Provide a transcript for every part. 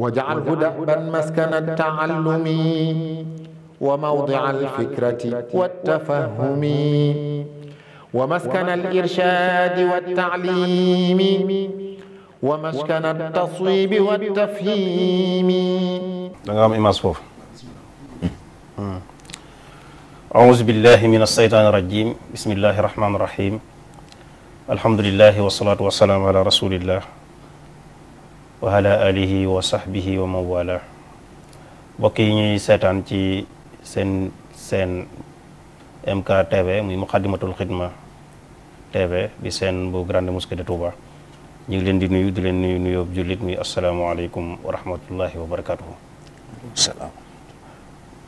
واجعله دأبا مسكن التعلم وموضع الفكرة والتفهم ومسكن الإرشاد والتعليم ومسكن التصويب والتفهيم danga am image foofu أعوذ بالله من الشيطان الرجيم بسم الله الرحمن الرحيم الحمد لله والصلاة والسلام على رسول الله wa ala alihi wa sahbihi wa man wala mbokk yi ñuy seetaan ci seen seen MKTV muy Muqaddimatul Xidma TV bi seen bu Grande Mosquée de Touba ñu ngi leen di nuyu di leen nuyu nuyoo jullit muy asalaamaaleykum wa rahmatullahi wa barakatuhu salaam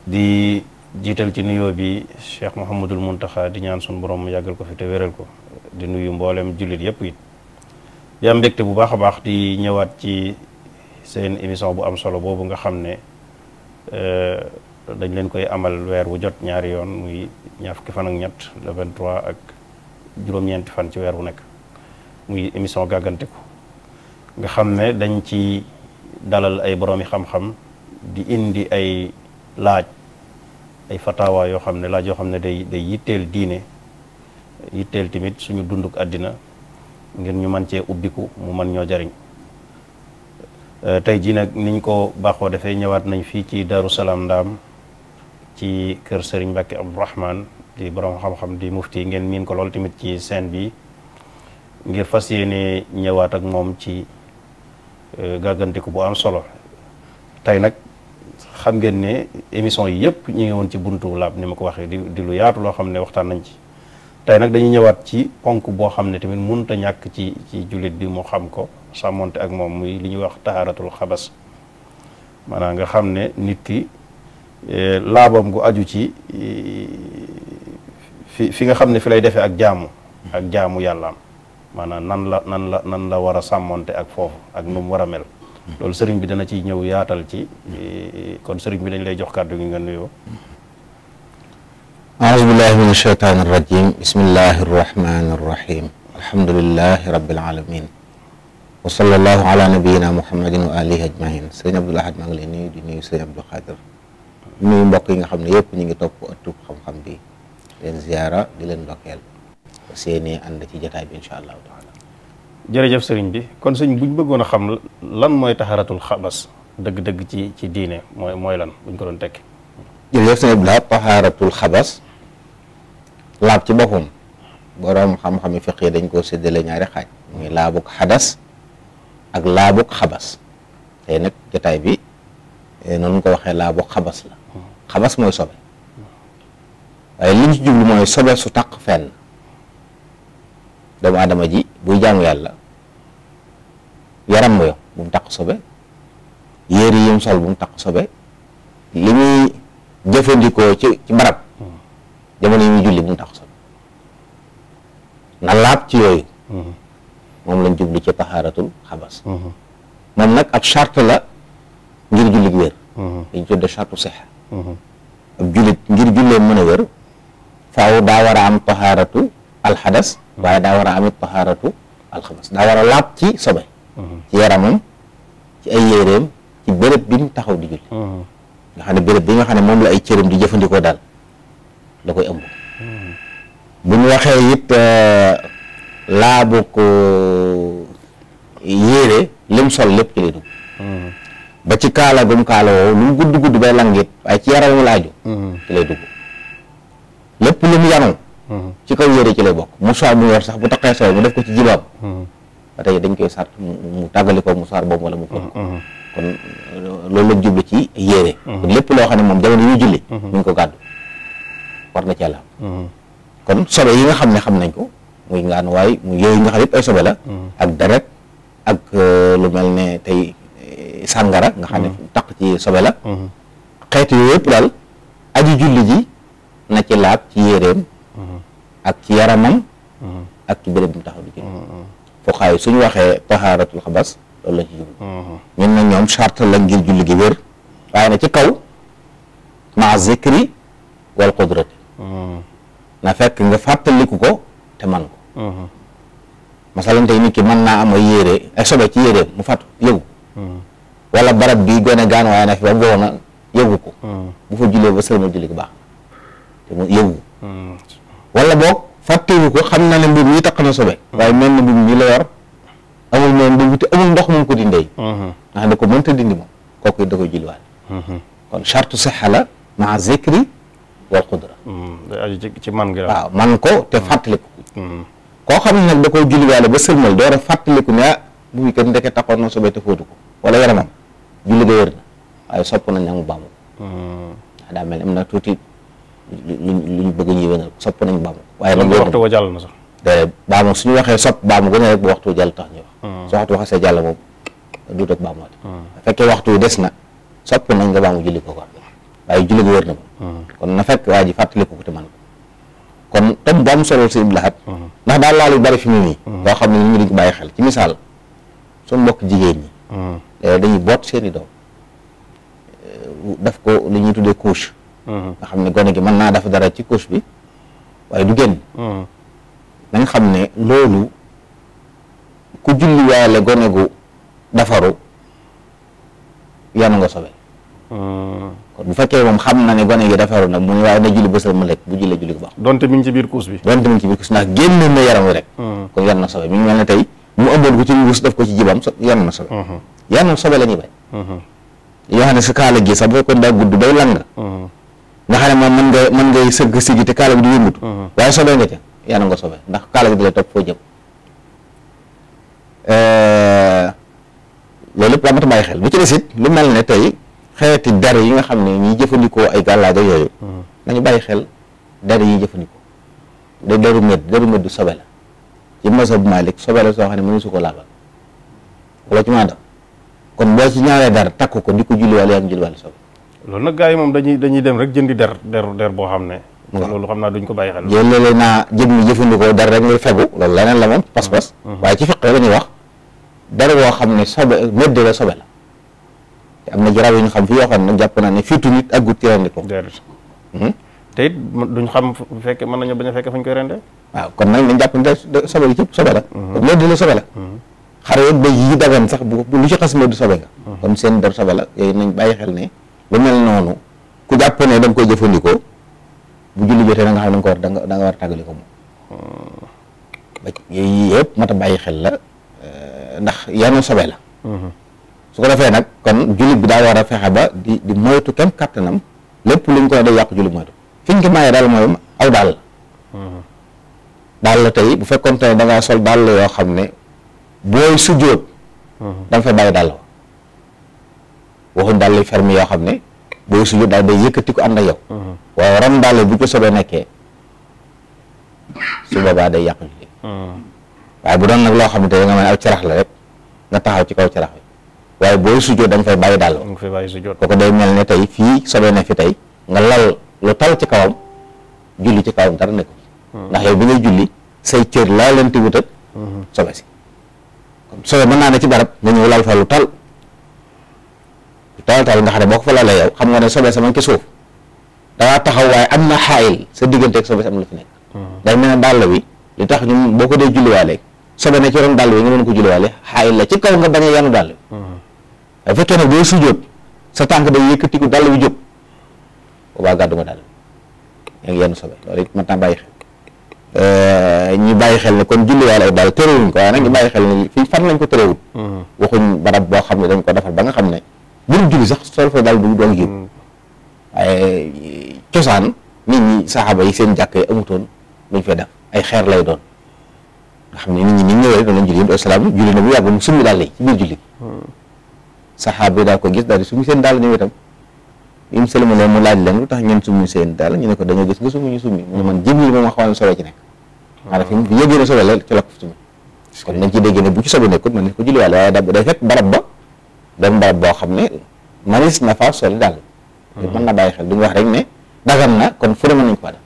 di jiital ci nuyoo bi Cheikh Mouhamadul Mountakha di ñaan suñu borom mu yàggal ko fi te wéral ko di nuyu mboolem jullit yëpp it di am bu baax a baax di ñëwaat ci seen émission bu am solo boobu nga xam ne euh, dañ leen koy amal weer wu jot ñaari yoon muy ñaar fukki fan ak ñett le 23 ak juróom-ñeenti fan ci weer wu nekk muy émission gàgganteku nga xam ne dañ ci dalal ay boroomi xam-xam di indi ay laaj ay fatawa yoo xam ne laaj yoo xam ne day day yitteel diine yitteel tamit suñu dunduk àddina ngir ñu man cee ubbiku mu man ñoo jariñ euh, tey jii nag niñ ko baaxoo defee ñëwaat nañ fii ci Darou Salaam Ndaam ci kër Serigne Mbacke Abdourahmane di borom xam-xam di mufti ngeen miin ko lool tamit ci scène bi ngir fas yéene ñëwaat ak moom ci euh, gàggantiku bu am solo tey nag xam ngeen ne émission yi yëpp ñu ngi woon ci buntu laab ni ma ko waxee di di lu yaatu loo xam ne waxtaan nañ ci tey nag dañuy ñëwaat ci ponk boo xam ne tamit mënut ñàkk ci ci jullit bi mu xam ko sàmmonte ak moom muy li ñuy wax tahaaratul xabas maanaa nga xam ne nit ki e, laabam gu aju ci e, fi fi nga xam ne fi lay defee ak jaamu ak jaamu yàllaam maanaam nan la nan la nan la war a sàmmonte ak foofu ak nu mu war a mel loolu sëriñ bi dana ciy ñëw yaatal ci e, kon sëriñ bi dañ lay jox kàddu gi nga nuyoo aousubillahi min asheytaan irrajim bismillahi arrahmani irrahim alhamdulilahi rabilalamin wa sallallahu ala nabiyina muhammadin wa alihi ajmahin sëriñ Abdul Ahad maa ngi lay nuyu di nuyu sëriñ Abdul Xaadir nuyu mbokk yi nga xam ne yëpp ñu ngi topp ëttub xam-xam bi leen ziyaara di leen ndokkeel seeni ànd ci jataay bi incha allahu taala jërëjëf sëriñ bi kon sëñ buñ bëggoon a xam lan mooy taxaratul xabas dëgg-dëgg ci ci diine mooy mooy lan buñ ko doon tekki jërëjëf sëñ Abdul Ahad taxaratul xabas laab ci boppam boroom xam-xami fiq yi dañ koo séddale ñaari xaaj muy laabuk xadas ak laabuk xabas tey nag jotaay bi eh, noonu ko waxee laabuk xabas la xabas mooy sobe waaye liñ ci jublu mooy sobe su taq fenn doomu aadama ji buy jaamu yàlla yaram yo bu mu taq sobe yéer yi mu sol bu mu taq sobe li muy jëfandikoo ci barab jamono yi muy julli bu mu tax sol na laab ci yooyu mhm. moom lañ jubli ci taxaaratul xabas mhm. moom nag ab charte la ngir julli gi wér mhm. dañ tudde charte sixa ab jullit ngir jullee mën a wér faaw daa war a am taxaaratu alxadas waaye daa war a amit taxaaratu alxabas daa war a laab ci sobe ci yaramam ci ay yéeréem ci béréb bi mu taxaw di julli nga xam ne béréb bi nga xam ne moom la ay cëram di jëfandikoo daal da koy ëmb. bu mu waxee it euh, laabu ko yéere lim sol lépp ci lay dugg. ba ci kaala gum kaala woowu lu mu gudd gudd bay lang it waaye ci yaramu laaju ci lay dugg lépp lu mu yanu. ci kaw yére ci lay bokk musaar mu yor sax bu taqee soow mu def ko ci jibaab. ba tey dañ koy sart mu tàggali ko musaar boobu wala mu ko kon loolu la jublu ci yére. kon mm-hmm. lépp loo xam ne moom jamono yu julli. Mm-hmm. ñu ngi ko gàddu. war na cee laal mm-hmm. kon sobe yi nga xam ne xam nañ ko muy ngaan waay muy yooyu nga xam yëpp ay sobe la mm-hmm. ak deret ak euh, lu mel ne tey euh, sàngara nga xam ne mm-hmm. taq ci sobe la xeetu yooyu yëpp daal aji julli ji na ci laab ci yéreem ak ci yaramam ak ci béréb bu mu taxaw di julli fuqaay waxee tahaaratul xabas loolu lañ ci la ngir julli wér waaye na ci kaw ma zikri wal qudrati na fekk nga fàttaliku ko te man ko uh-huh. masalan tey nit ki mën naa am ay yére ay sobe ci yére mu fàttu yëgu uh-huh. wala barab bi gone gaan na fi ba boo na yëgu ko uh-huh. bu fa jullee ba sëlma julli ko baax te mu yëgu wala boog fàttewu ko xam na ne mbir mi taq na sobe waaye mel na mbir mi la amul moom dugg te amul ndox mu ko dindee ndax da ko mënta dindi moom kooku it da koy kon charte saxa la maa zikri wal xudra mm, day aju ci man gi waaw man ko te fàttaliku koo xam ne nag da koo julliwaale ba sërmal door a fàttaliku ne ah bu wi ndeke taxoon na sobee te fóotu ko wala yaramam julli ga wér na waaye sopp nañ nag mu baamu ko ndax na tuuti lu ñu bëgg ñuy wénal sopp nañ baamu ko waaye nag waxtu wa jàll na sax déedéet baamu suñu waxee sopp baamu a tax ñuy wax mm. soo waxtu waxasee jàll moom duut ak baamuwaat mm. fekkee waxtu des na sopp nañ nga baamu julli ko kon waaye julli ga wér na ko hmm. kon na fekk waa ji fàttaliku ko te man ko kon tam bu am solo si Ibnu Lahad hmm. ndax daal laal yu bari fi mu nii hmm. loo xam ne ñu ngi bàyyi xel ci misaal suñ mbokk jigéen ñi eh, dañuy boot seeni doom eh, daf ko lu ñuy tuddee couche nga xam ne gone gi mën naa def dara ci couche bi waaye du génn na xam ne loolu ku julli waale gone gu dafaru yanu nga sobe kon bu fekkee moom xam na ne gone gi defaru mu ne waaye na julli ba sal ma lekk bu jullee julli ko baax donte mi ngi ci biir kuus bi donte mi ngi ci biir kuus ndax génn na yaram wi rek hmm. kon yan na sobe mu ngi mel ne tey mu ko ci wus def ko ci jibam yan na sobe hmm. yan na sobe la ñuy hmm. sa kaala gi sax bu fekkoon gudd bay lang nga xam ne moom mën nga mën ngay sëgg sigi te kaala gi du yëngutu waaye sobe nga ca yan nga sobe ndax kaala gi di la topp foo jëm eh, loolu lépp daa mata xel bu ci desit lu mel ne tey xeeti dar yi nga xam ne ñiy jëfandikoo ay gàllaaga yooyu hmm. nañu bàyyi xel dar yi jëfandikoo da deru medd deru medd sobe la ci masab Malik sobe soo xam ne mënu su ko laabal wala kon boo ci ñaaree der takk ko di ko julliwaale yaa ngi julliwaale loolu nag gars yi moom dañuy dañuy dem rek jëndi der der der boo xam ne loolu xam naa duñ ko bàyyi xel léeg-léeg naa jëmmi jëfandikoo der rek ngay fegu loolu leneen la moom pas-pas hmm. Hmm. waaye ci fiq la ñuy wax der boo xam ne sobe medd la sobe la am na ci rab yu ñu xam fi yoo xam ne jàpp naa ne fiitu nit ak gut ci rendi ko hmm? te it duñ xam bu fekkee mën nañu bañ a fekkee fuñ koy rendee waaw kon nag nañ jàpp ne sobe yi cëpp sobe la hmm. kon loolu dina sobe la hmm. xar yoog béy sax bu lu ci xas du sobe la kon seen der sobe la yooyu nañ bàyyi xel ne lu mel noonu ku jàpp ne da koy jëfandikoo bu julli jotee da nga xam ne da nga ko war da nga war a tàggali ko moom ba yooyu yëpp mat bàyyi xel la eh, ndax yenn sobe la su ko defee nag kon jullit bi daa war a fexe ba di di moytu kem kàttanam lépp luñ ko ne day yàq jullit moytu fi ñu ko daal mooy aw daal daal la tey bu fekkoon ne da sol daal la yoo xam ne booy sujjóot mm-hmm. da nga fa bàyyi daal waxuñ daal yoo xam ne booy sujjóot daal day yëkkati ko ànd ak yow mm-hmm. waaye ram daal bu ko sobee nekkee su boobaa day yàq jullit mm-hmm. waaye bu doon nag loo xam ne tey nga mën aw carax la rek nga taxaw ci kaw carax waaye booy sujjoot da nga fay bàyyi daal kooku day mel ne tey fii sobe na fi tey nga lal lu tal ci kawam julli ci kawam dara ne ko hmm. ndax yow bi ngay julli say cër laa leen ti wutat hmm. sobe si sobe mën naa ne ci barab nga ñëw lal fa lu boo ko fa xam nga ne sobe sama ngi ci suuf dangaa taxaw waaye am na xaayil sa diggante ak sobe si am la fi nekk hmm. day mel ne dàll bi li tax ñu boo ko dee julliwaale sobe ne ci ron dàll wi nga mën ko julliwaale xaayil la ci kaw nga bañ a yanu dàll wi bu fekkee nag booy sujjóot sa tànk day yëkkatiku dàll bi jóg boobaa gàddu nga dàll yaa ngi yenn sobe loolu it mën naa bàyyi xel euh, ñu bàyyi xel ne kon julliwaal ay daal tërëwuñ ko waaye nag ñu bàyyi xel ne fii fan lañ ko tërëwut mm-hmm. waxuñ barab boo xam ne dañ ko defar ba nga xam ne buñ julli sax sol fa dàll du doon yëg mm-hmm. waaye cosaan nit ñi saxaaba yi seen jàkk amutoon luñ fay def ay xeer lay doon nga xam ne nit ñi ni ñu ñëwee doon lañ julli yëpp asalaam julli na bu yàgg mu summi dàll yi ci biir saxaaba yi daal ko gis daal di summi seen daal ñoom itam bi mu sëlmalee mu laaj leen lu tax ngeen summi seen daal ñu ne ko dañoo gis nga summi ñu summi mu ne man jëm li moom xaw na solo ci nekk ah. maanaam bu ci sobe nekkul man ne ko julliwaale waaye dab day fekk barab ba doon barab boo xam ne manis na faa soli hmm. mën na bàyyi xel du ñu wax rek ne dagan na kon fu ne nañ ko def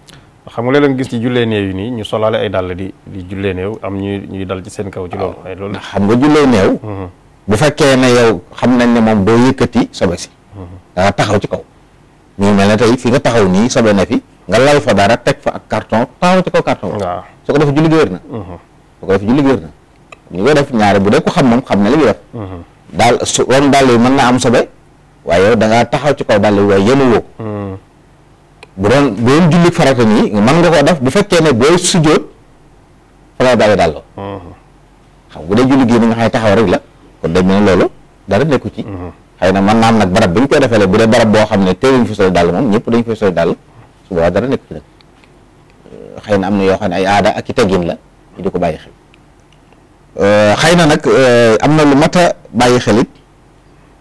xam nga léeg-léeg gis ci jullee néew nii ñu solaale ay dàll di di jullee néew am ñuy ñuy dal ci seen kaw ci loolu waaye ah. loolu xam nga jullee néew hmm. bu fekkee na yow xam nañ ne moom doo yëkkati sobe si danga taxaw ci kaw ñu mel ne tey fi nga taxaw nii sobe na fi nga lal fa dara teg fa ak carton taxaw ci kaw carton waaw su ko def julli wér na mhm. su ko def julli wér xam moom xam ne mhm. daal su ron dàll mën naa am sobe waaye yow taxaw ci kaw dàll yi waaye yéen woo mhm. bu doon bu def bu fekkee ne booy sujjóot fa nga bàyyi xam bu dee julli gii ni nga xam ne taxaw rek la kon dem ne loolu dara nekku ci mhm. xëy na mën naam nag barab bi ñu koy defee bu dee barab boo xam ne teewuñ fi soli dàll moom ñëpp dañ fay soli dàll su boobaa dara nekku ci nag euh, xëy na am na yoo xam ne ay aada ak i teggin la ñu ko bàyyi xel euh, na nag euh, am na lu mat a bàyyi xel it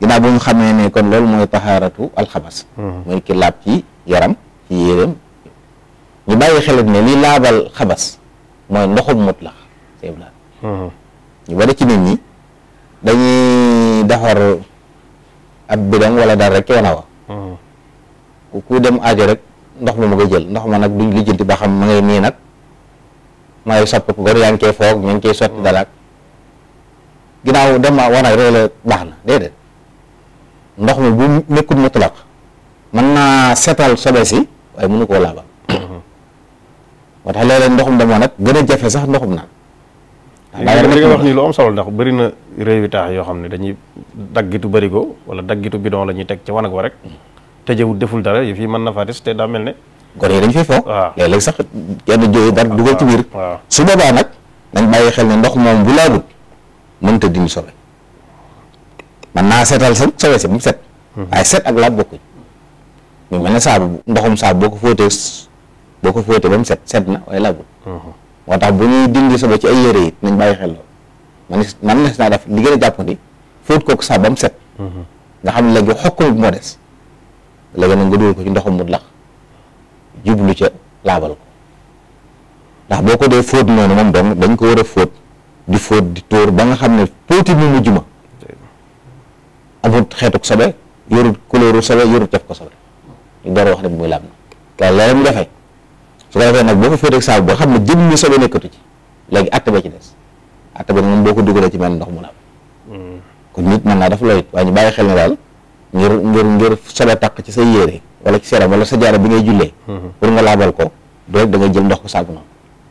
bu ñu xamee ne kon loolu mooy taxaaratu alxabas mhm. mooy ki laab ci yaram ci yéreem ñu bàyyi xel ne li laabal xabas mooy ndoxum mut la mhm. ñu bari ci nit ñi dañuy defar ab bidon wala dara rek ci wana wa hmm. ku dem ajo rek ndox mu ma nga jël ndox ma nag duñ lijjanti ba xam ma ngay nii nag ma ngay sopp ko yaa ngi koy foog ñu ngi koy sotti hmm. dalaak ginnaaw dem wana rek baax na déedéet ndox mi bu nekkul mutlaq mën naa setal sobe si waaye mënu koo laabal hmm. moo tax léeg-léeg ndoxum demoo nag gën a jafe sax ndoxum naan li nga wax nii na réew yoo xam ne dañuy daggitu bërigo wala daggitu bidon la ñuy teg ca wanag wa rek mm. tëjewut deful dara yi fii mën na faa des te daa mel ne gone dañ fay foo waaw sax yenn jooyu dara ci biir su boobaa nag dañ bàyyi xel ne ndox moom bu laabut mënta dindi sobe man naa setal sa sobe si mu set mm-hmm. waaye set ak laab bokkuñ mu mel ne saabu ndoxum saabu boo ko fóotee boo ko fóotee ba mu set set na waaye laabut mm-hmm. moo tax bu ñuy dindi sobe ci ay yére yi nañ bàyyi xel loolu man man nes naa def li gën a jàpp ni fóot kooku sa ba mu set nga xam ne léegi xokkum bi moo des léegi nag nga ko ci ndoxum mu lax jublu ca laabal ko ndax boo ko dee fóot noonu moom dong dañ ko war a fóot di fóot di tóor ba nga xam ne póoti mu mujj ma amut xeetuk sobe yorut couleur sobe yorut caf ko sobe ñu door wax ne bu muy laab na ka leeram jafe su ko defee nag boo ko féetee saabu boo xam ne jëm mi sobe nekkatu ci léegi atte ba ci des atte ba moom boo ko dugalee ci mel ndox mu kon nit mën naa def loolu ñu bàyyi xel ne daal ngir ngir ngir sobe takk ci sa yére wala ci seram wala sa jaara bi ngay jullee pour nga laabal ko doo rek jël ndox ko saabu noonu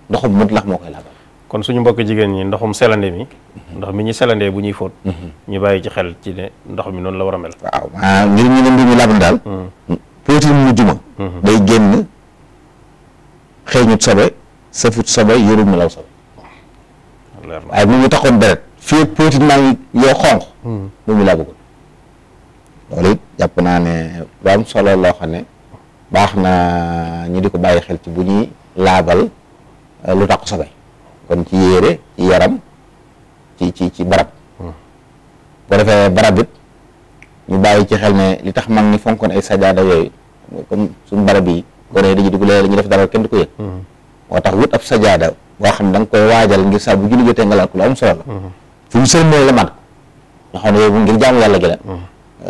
ndoxum mut lax moo koy laabal kon suñu mbokk jigéen ñi ndoxum selande mi mhm. ndox mi ñu selande bu ñuy fóot mhm. ñu bàyyi ci xel ci ne ndox mi noonu la war a mel waaw ngir ñu ne mbir mi laabal daal mhm. póotil mu juma day génn xeeñut sobe safut sobe yërul nelaw sobe waaye mu ngi taxoon deret fii petit yoo xonq hmm. mu laa bëggoon loolu jàpp naa ne am solo loo xam ne baax na ñu di ko bàyyi xel ci bu ñuy laabal euh, lu tax sobe kon ci yére ci yaram ci ci ci barab hmm. bu defee barab it ñu bàyyi ci xel ne li tax mag ñi fonkoon ay sajaada yooyu comme suñu barab yi gone dañuy dugg léeg-léeg ñu def dara kenn du ko yëg moo tax wut ab sajaada boo xam ne da nga koy waajal ngir saa bu julli jotee nga laal ko lu am solo la fu mu sëlmal la mat nga xam ne yooyu ngir jaamu yàlla gi la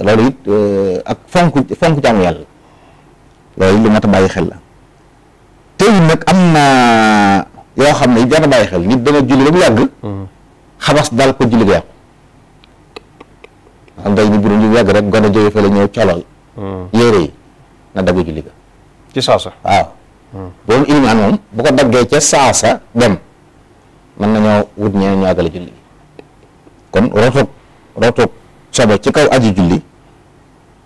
loolu it euh, ak fonk fonk jaamu yàlla loolu lu mat bàyyi xel la tey nag am na yoo xam ne jar na bàyyi xel nit dana julli ba mu yàgg xabas daal ko julli ga yàqu am day ni bu ñu yàgg rek gone jóge fa la ñëw colal hmm. yére yi na dagg julli ci saasa waaw loolu ilimaan moom bu ko daggee ca saasa dem mën nañoo wut ñeneen ñu àggale julli kon rotoog rotoog sobe ci kaw aji julli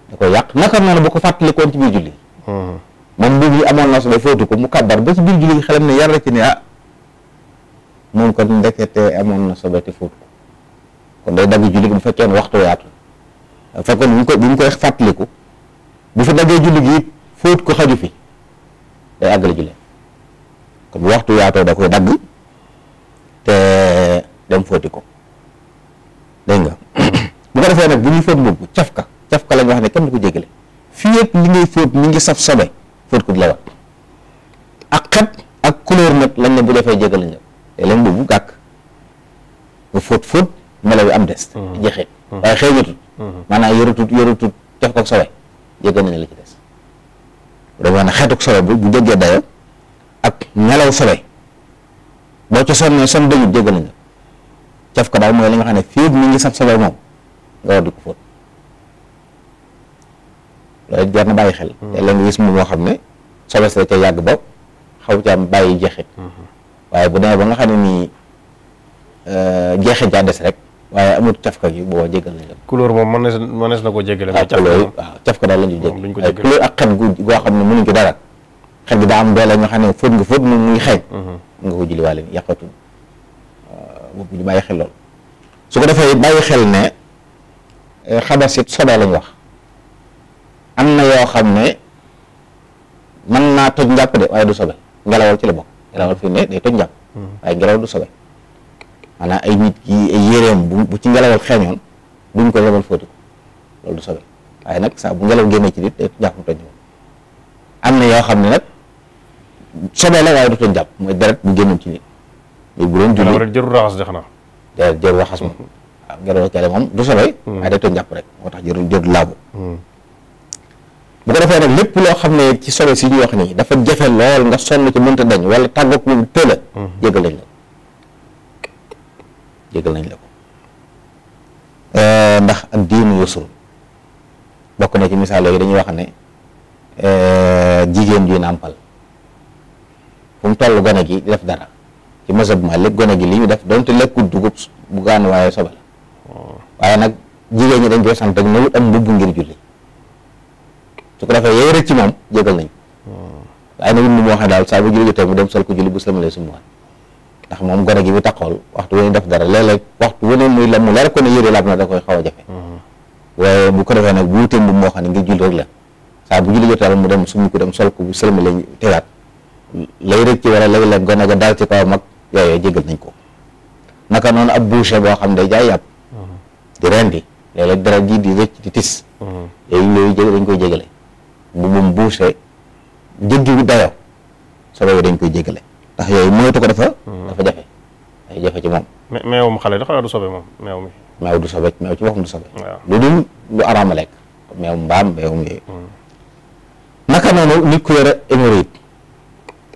da ko yàq naka noonu bu ko fàttalikoon ci biir julli hmm. moom mbubb yi amoon na sobe fóotu ko mu kàbbar ba ci biir julli gi xelam ne yàlla ci ne ah moom kon ndekete amoon na sobe te fóotu ko kon day dagg julli bu fekkee ne waxtu yaatu fekkoon bu ko bu ñu koy fàttaliku bu fi daggee julli gi fóot ko xaju fi day àggale julli kon bu waxtu yaatoo da koy dagg te dem fóoti ko dégg nga bu ko defee nag bu ñuy fóot mbubb cafka cafka la ñu wax ne kenn du ko jéggale fii ak li ngay fóot mi ngi saf sobe fóot ko di lewal ak xet ak couleur nag lañ ne bu defee jéggale ñu te leen mbubb gàkk nga fóot fóot melo bi am des mm-hmm. jeexit mm-hmm. waaye xeeñatut mm-hmm. maanaam yorutut yorutut cafka ak sobe jéggal na la ci des dafa wax ne xeetuk sobe bi bu jógee dayo ak nelaw sobe boo ca sonnee son dëñut jégal nañ la caf ko daal mooy li nga xam ne fii mi ngi saf sobe moom nga war di ko fóot loolu jar na bàyyi xel hmm. te la nga gis moom moo xam ne sobe sa da yàgg ba xaw ca am bàyyi jeexit hmm. waaye bu demee ba nga xam ne nii euh, jeexit jaa des rek waaye amul cafka gi boo jégal nañ la couleur moom mënees mënees na ko jégale waaw cafka daal la ñu jégale couleur ak xet gu goo xam ne mënuñ ko dara xet gi daa am doole nga fóot nga fóot mu muy xeeñ mhm. nga ko julli waale yàqatu boobu ñu bàyyi xel lool su ko defee bàyyi xel ne eh, xabas it sobe lañ wax am na yoo xam ne mën naa toj njàpp de waaye du sobe ngelawal ci la bokk ngelawal fii ne day toj njàpp mhm. waaye ngelaw du sobe maanaam ay nit ki ay yéreem bu ci ngelawal xeeñoon duñ ko lebal fóoti ko loolu du sobe waaye nag saa bu ngelaw génnee ci nit day jàpp xam ne nag sobe la waaye du jàpp mooy deret bu génnoon ci nit mais bu doon julli rek dex na deret jërul raxas moom waaw ngelaw du sobe hmm. jàpp rek moo tax jërul jërul laabu hmm. bu ko defee loo xam ne ci sobe si ñu wax nii dafa jafe lool nga sonn ci mënta dañ wala tàggoog moom tëla jégal hmm. lañ la jégal nañ la ko euh, ndax ak diinu yusul bokk na ci misaal yooyu dañuy wax ne euh, jigéen ju nàmpal fu mu toll gone gi def dara ci masab ma lépp gone gi li ñu def donte lekkul dugub bu gaan waaye soba la oh. waaye nag jigéen ñi dañ koy sant ak na wut am mbubb ngir julli su ko defee yooyu rek ci moom jégal nañ oh. waaye na wut moo xam ne daal saa bu julli jotee mu dem sol ko julli bu salamalee sumuwaat ndax moom gore gi bi taxool waxtu wu ñu def dara léeg-léeg waxtu wu ne muy la mu leer ko ne yére laab na da koy xaw jafe mm-hmm. waaye bu ko defee nag bu wuteem bu moo xam ne ngir julli rek la saa bu julli jotaal mu dem suñu ko dem sol ko bu sëlma lañ tegaat lay rek ci wala léeg-léeg gone ga daal ci kaw mag yooyu jégal nañ ko naka noonu ab boucher boo xam ne jaay yàpp mm-hmm. di rendi léeg-léeg dara ji di rëcc di tis mm-hmm. yooyu yooyu jég dañ koy jégale bu moom boucher jéggi bi dayo sobo dañ koy jégale ndax yooyu moytu dafa hmm. dafa jafe day jafe ci moom meewum xale da xanaa du sobe moom meew mi meew du sobe meew ci boppam du sobe lu dul lu araama lekk meewum mbaam meewum yooyu hmm. naka noonu nit ku yore hémorroïde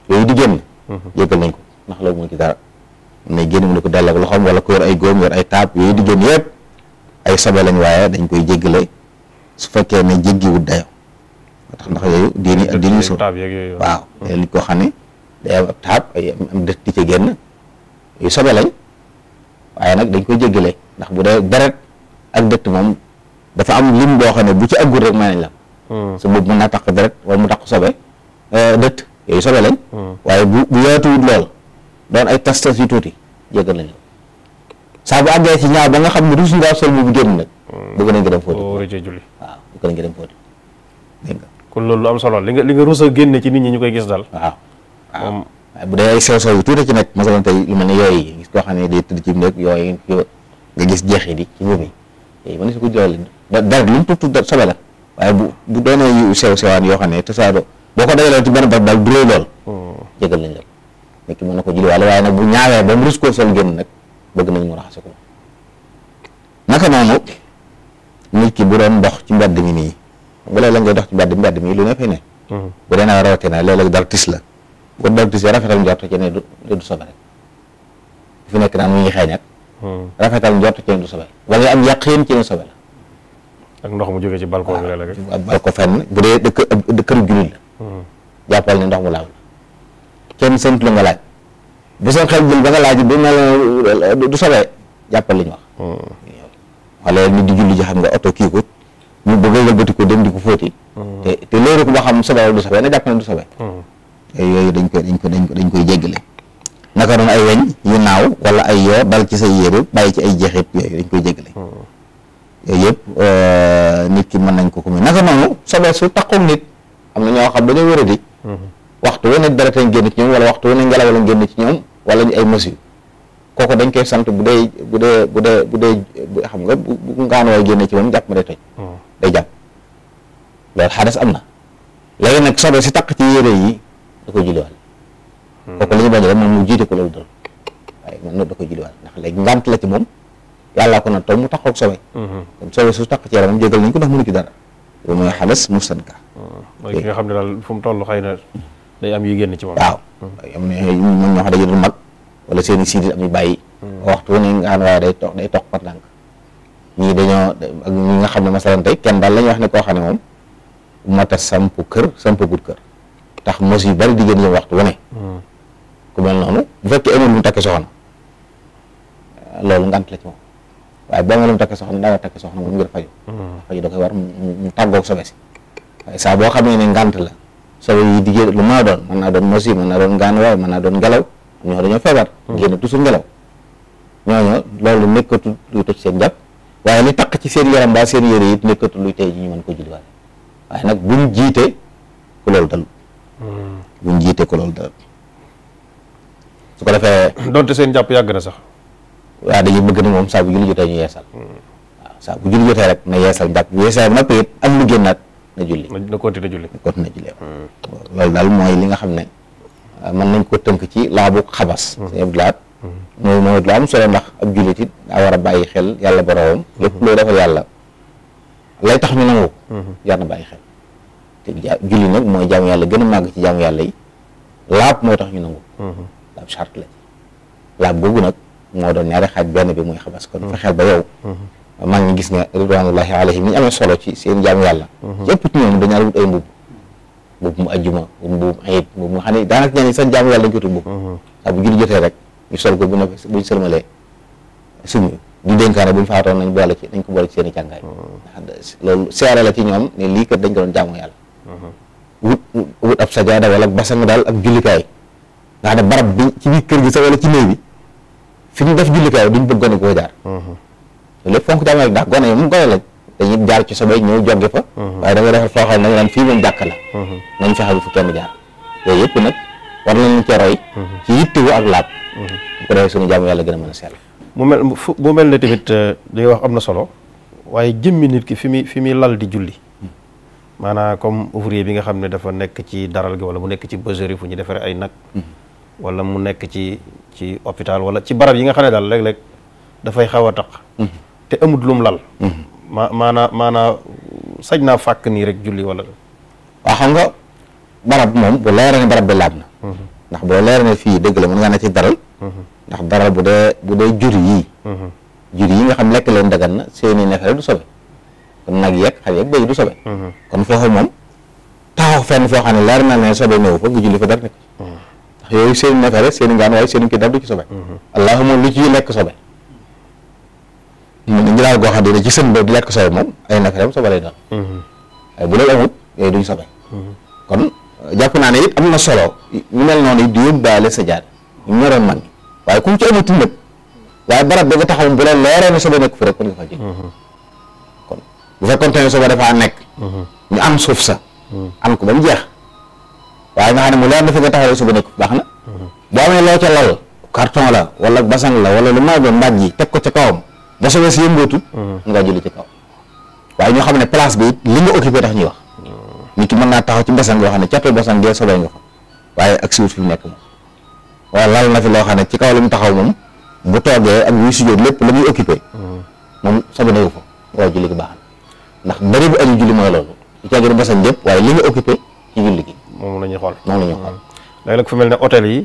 yooyu di génn yëgal hmm. nañ ko ndax loolu mooy ci dara ne génn mu ne ko delloo loxoom wala ku yor ay góom yor ay taab yooyu di génn yëpp ay sobe lañ waaye dañ koy jéggale su fekkee ne jéggiwut dayo tax ndax yooyu diini ak diini so waaw li ko xam ne day am taab ay am dëkk ci ca génn yu sobe lañ waaye nag dañ koy jéggale ndax bu dee deret ak dëtt moom dafa am lim boo xam ne bu ci aggul rek may nañ la hmm. su boobu mën naa taq deret wala mu taq sobe eh, dëtt yooyu sobe lañ hmm. waaye bu bu yaatuwut lool doon ay tas tas yu tuuti jéggal nañ la saa bu àggee ci ñaaw ba nga xam ne ruus ngaa sol bu génn nag hmm. bëgg nañ nga dem fóoti oh, waaw bëgg nañ nga dem fóoti dégg loolu lu am solo li nga li nga ruus a génne ci nit ñi ñu koy gis daal waaw moom bu dee ay sew sew yu tuuti ci nekk masalan tey lu mel ne yooyu gis koo xam ne day tëdd ci nekk yooyu nga gis jeexi di ci boobu yi mën na si ko jooyal dara lu mu tuut tuut sobe la waaye bu bu doonee yu sew sewaan yoo xam ne tasaado boo ko dajaloon ci benn barab daal du rëy lool hmm. jégal nañ la nekk mën na ko julliwaale waaye nag bu ñaawee ba mu rus koo sol génn nag bëgg nañ mu raxase ko naka noonu nit ki bu doon dox ci mbedd mi nii bu léeg la ngay dox ci mbedd mbedd mi lu ne fay hmm. naa rawatina léeg-léeg dal la bu dal ti see rafetal njort ci ne du du fi nekk naan mu ngi xeeñ ak hmm. rafetal njort ci ne du sobe wala am yàqeen ci ne sobe ndox mu jógee ci balcon bi léeg-léeg bu dee dëkk dëkkëru jullit la hmm. jàppal ne ndox mu laaw la kenn sant la nga laaj bu seen xel nga laaj bu mel du sobee jàppal li ñu wax hmm. wala nit di julli ji xam nga oto kii ko ñu bëgg a dem di ku fóoti te te ko ba xam sobee du sobee na jàpp ne du sobee yooyu dañ koy dañ koy dañ koy jéggale naka doon ay weñ yu naaw wala ay yoo dal ci sa yére bàyyi ci ay jeexit yooyu dañ koy jéggale hmm. yooyu yëpp euh, nit ki mën nañ ko ko muy naka noonu sobe su taqoog nit am na ñoo xam dañoo wéra di hmm. waxtu wu ne deret lañ génn ci ñoom wala waxtu wu ne ngelaw lañ génn ci ñoom wala ñu ay mesure kooku dañ koy sant bu dee bu dee bu dee bu xam nga bu ngaan waay ci moom jàpp ma day toj hmm. day jàpp loolu xaalis am na léegi ci yére yi da koy julliwaat kooku la ñu bañ rek moom mu jiite ko loolu doon waaye moom nag da koy julliwaat ndax léegi ngànt la ci moom yàllaa ko na taw mu taxaw ak sobe kon mhm. sobe su tax ci yaram moom jégal nañ ko ndax mënu ci dara loolu mooy xalas mufsanka mhm. mooy ki nga xam ne daal fu mu toll xëy na day am yu génn ci moom waaw am na ñoo xam dañu dul mag wala seen i siidit am yu bàyyi mhm. waxtu ne nga waaye day toog day toog par ndànk ñii dañoo ak ñi nga xam ne masalan tey kenn daal la ñuy wax ne koo xam ne moom moo tax samp kër samp gut kër tax mos yu bari di gën waxtu wu ne ku mel noonu bu fekkee amul lu mu takk soxna loolu ngant la ci moom waaye boo mu takk soxna daa takk soxna moom ngir faju faju da koy war mu tàggoog waaye boo xamee ne ngant la sobe yi di génn lu ma doon mën naa doon mos yi mën naa doon ngaanwaay mën naa doon ngelaw ñoo dañoo feebar génn toujours ngelaw ñooñu loolu nekkatu luy toj seen jàpp waaye takk ci seen yaram baa seen yére it nekkatu luy tey ñu mën ko julliwaale waaye nag buñ jiite ku loolu dal buñ jiite ko loolu dara su ko defee. donte seen jàpp yàgg na sax. waaw dañuy bëgg na moom saa bu julli jotee ñu yeesal. Hmm. waaw saa julli jotee rek na yeesal njàpp bu yeesal ba noppi it am lu génnaat na julli. na continuer na continuer julli hmm. loolu daal mooy li nga xam ne ah, mën nañ ko tënk ci laabu xabas. Hmm. sëñ Abdou Lahad. mooy mooy lu am solo ndax ab jullit it daa war a bàyyi xel yàlla boroomam. lépp looy defal yàlla lay tax ñu nangu. jar na bàyyi xel. te julli nag mooy jaamu yàlla gën a màgg ci jaamu yàlla yi laab mooy tax ñu nangu mhm. laab charte la laab googu nag moo doon ñaari xaaj benn bi mooy xabas kon mhm. fexeel ba yow mhm. maa ngi gis ne ridwanullahi alayhim ni ñu amee solo ci seen jaamu yàlla yëpp ci ñoom mu ajjuma mbubb mu ayit mbubb mu xam ne daanaka ñaan seen jaamu yàlla dañ ko tudd mbubb saa jotee rek ñu sol ko bu buñ sërmalee suñu di dénkaane bu ñu nañ boole ci nañ ko boole ci seen i càngaay loolu seere la ci ñoom ne lii kat dañ ko doon jaamu yàlla wut wut ab sajaada wala basang daal ak jullikaay nga xam ne barab bi ci biir kër gi sax wala ci néeg bi fi mu def jullikaay duñ bëgg gone koo jaar mhm. lépp fonk jàmm rek ndax gone yi moom gone ci sobay ñëw jogge fa mhm. da nga defar foo xam ne naan fii moom jàkk la mhm. nañ fexe bu fu kenn jaar yooyu yëpp nag war nañ ci roy ci yittewu ak laab bu ko mel ne tamit li euh, wax am na solo waaye jëmmi nit ki fi muy fi muy lal di julli maanaam comme ouvrier bi nga xam ne dafa nekk ci daral gi wala mu nekk ci bergerie fu ñu defaree ay nag mm-hmm. wala mu nekk ci ci hôpital wala ci barab yi nga xam ne daal léeg-léeg dafay xaw a taq mm-hmm. te amut lum lal mm-hmm. ma maanaa maanaa sañ naa fàkk nii rek julli wala waa xam nga barab moom bu leera ne barab bi laab na ndax boo leera fii dëgg la mën nga ne ci daral ndax daral bu dee bu dee jur yi jur yi nga xam lekk leen dagan na seeni neefere du sobe kon nag yeeg xar yeeg béy du sobe mhm. kon foofu moom taxaw fenn foo xam ne leer na ne sobe néew fa nga julli fa mhm. yooyu seen nefere seen i seen kii dara du ci sobe mhm. allahuma lu ci lekk sobe ñu daal goo xam ne ci sën boobu di lekk sobe moom ay neferem sobe lay doon waaye bu loolu amul yooyu duñ sobe kon uh, jàpp naa ne it am na solo ñu mel noonu it di yóbbaale sa jaar ñu ñoroon mag ñi waaye ku ci amatul nag waaye barab ba nga taxaw bu la leeree ne sobe nekk fi rek kon nga fa jël bu fekkoon te ne suba dafaa nekk. Mhm. ñu am suuf sa. Mhm. am ko ba mu jeex waaye nga xam ne mu leer dafa nga taxawee suba nekk na. Mhm. boo amee loo ca lal carton la wala basan la wala lu ma doon mbaaj yi teg ko ca kawam ba soobee si yëngootu. nga ci kaw ñoo xam ne place bi li nga ñuy wax. nit ki mën naa taxaw ci basan yoo xam ne catul basan dee soobee nga waaye ak siwut fi mu nekk moom. waaye na fi loo xam ci kaw li mu taxaw moom bu toogee ak yu si lépp la muy moom soobee na ko nga julli baax na. ndax bëri bu aju julli mooy loolu du caagin basan yëpp waaye li nga occupé ci julli gi moom la ñuy xool moom la ñuy xool mm-hmm. léeg-léeg fu mel ne hôtel yi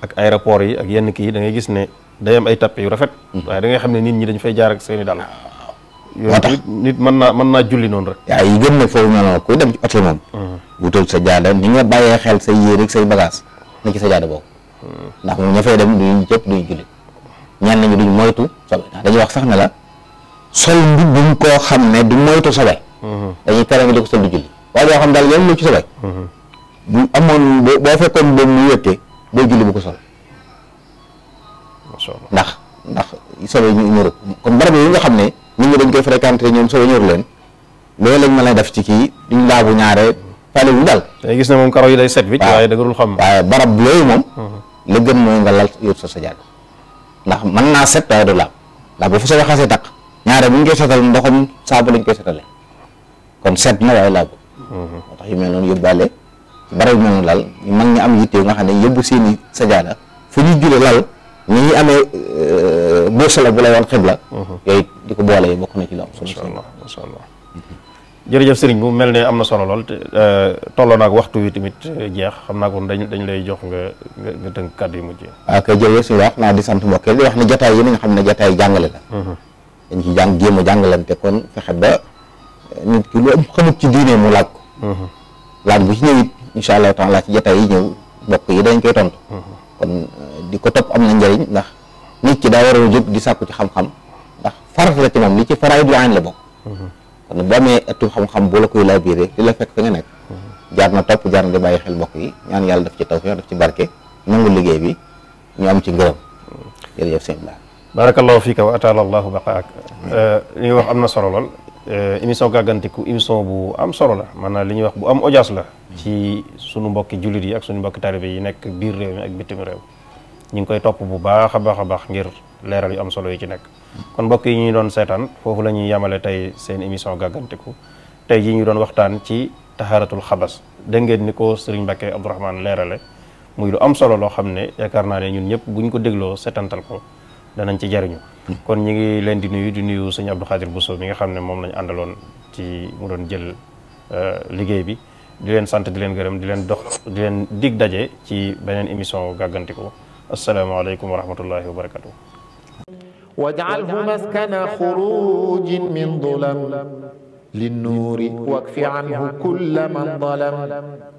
ak aéroport yi ak yenn kii da ngay gis ne day am ay tappe yu rafet mm-hmm. waaye dangay xam ne nit ñi dañ fay jaar ak seeni dal ah, moo tax nit mën naa mën naa julli noonu rek waaw yi gën nag dem ci hôtel moom mm-hmm. wutal sa jaada ni nga bàyyee xel say yére ak say bagage na ci sa jaada boobu ndax moom ña fay dem duñu jëpp duñu julli ñaan nañu duñ moytu sol dañuy wax sax ne sol mbubbum koo xam ne du moytu sobe mhm. dañuy tere nga di ko sol di julli waaye boo xam daal yoon lu ci mhm. amoon boo fekkoon boobu mu wétte boo julli bu ko sol ndax ndax sobe ñu ñëru kon barab yi nga xam ne nit ñi dañ koy fréquenté ñoom sobe ñëru leen loolu lañ mën a def ci kii duñ laabu ñaare faale wuñ daal dañuy gis ne moom karaw yi day set wicc waaye dëgërul xam waaye barab yooyu moom mhm. la gën mooy nga lal yóbbu sa sa jàll ndax mën naa set waaye du laab ndax bu fa sobe xasee taq ñaare bu ñu koy sotal ndoxum saabu lañ koy sotale kon set na waaye laab mhm. tax yu mel noonu yóbbaale bara yu mel noonu ñu am yitte nga xam ne yóbbu seeni sajaada fu ñuy jule lal ni ñuy amee euh, bursala bu lay woon xibla mhm. yooyu ko bokk na ci lu am solo masha Allah masha Allah jërëjëf sëriñ bu mel ne am na solo lool euh, tolloo naag waxtu wi tamit euh, jeex xam naa kon dañ dañ lay jox nga nga yu mujj waaw ah, kay jërëjëf di sant mbokk yi di wax ne jataay yi nga xam ne jataay jàngale la mhm. dañ ci jàng jéem a jàngalante kon fexe ba eh, nit ki lu am xamut ci diine mu laaj ko mhm. laaj bu ci ñëw it incha allahu taala ci jotaay yi ñëw bokk yi dañ koy tontu mhm. kon eh, di ko topp am na njëriñ ndax nit ki daa war a jóg di sàkku ci xam-xam ndax farat la ci moom li ci faraay du aan la bokk mhm. kon boo amee ëttu xam-xam bu la koy laabiré li la fekk fi nga nekk jaar na topp jaar na di bàyyi xel mbokk yi ñaan yàlla daf ci tawfeex def ci barke nangu liggéey bi ñu am ci ngërëm jërëjëf barakallahu fiika wa ataala allahu baqaak euh, li ñuy wax am na solo lool euh, émission gàggantiku émission bu am solo la maanaam li ñuy wax bu am audience la ci sunu mbokki jullit yi ak sunu mbokki taalibe yi nekk biir réew mi ak bitim réew ñu ngi koy topp bu baax a baax a baax ngir leeral yu am solo yi ci nekk kon mbokk yi ñu doon seetaan foofu la ñuy yamale tey seen émission gàggantiku tey jii ñu doon waxtaan ci taxaaratul xabas dégg ngeen ni ko sëriñ Mbàkke Abdourahmane leerale muy lu am solo loo xam ne yaakaar naa ne ñun ñëpp buñ ko dégloo seetantal ko danañ ci jariñu kon ñu ngi leen di nuyu di nuyu sëñ Abdou Khadir Bousso mi nga xam ne moom lañ àndaloon ci mu doon jël euh, liggéey bi di leen sant di leen gërëm di leen dox di leen dig daje ci beneen émission gàggantiku asalaamaaleykum wa rahmatullahi wa barakatuh واجعله مسكن li من ظلم للنور واكف عنه كل من ظلم